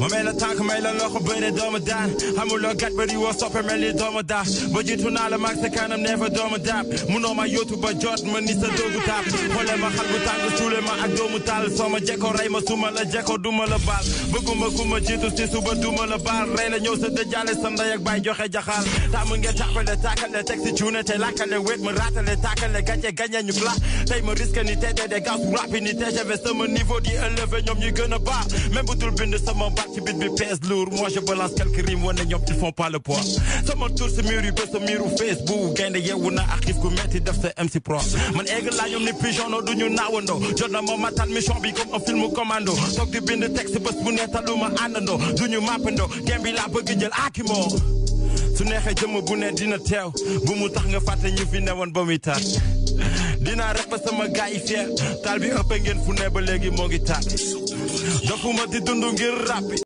ma may la tànk may la loxo bëre doomu daan xamuloo gàtt ba riwoo soppe mel ni doomu daaf ba jiitu naa la mag sa kanam nee fa doomu daab munoo ma yóotu ba jot ma ni sa doogu taab xoole ma xal bu tàng suule ma ak doomu taal soo ma jekko rey ma suma la jekko duma la baal bëgguma ku ma jiitu ci suba duma la baal rey la ñëw sa dëjaale sa ndey ak baay joxe jaxaal taamu ngeen tàppale tàkkale teg si cuune te lakkale wéet ma raatale tàkkale gàcce gañe a ci bit bi pèse lourd moi je balance quelques rimes wane ñoom ils font pas le poids sama tour sa yu bés sa miru bu gaynde yeewu na ak xiif gu metti def sa MC man egg laa ñoom ni pigeon no naawandoo jot na ma matal mission bi comme un film commando toog di bind texte bés bu ne taluma àndandoo du ñu màppandoo game bi laa bëgg jël aakimoo su neexee jëmm bu ne dina teew bu mu tax nga fàtte ñu fi newoon ba muy taat dinaa rep sama gaay yi fier taal bi ëpp ngeen fu ba léegi moo ngi taat dafuma di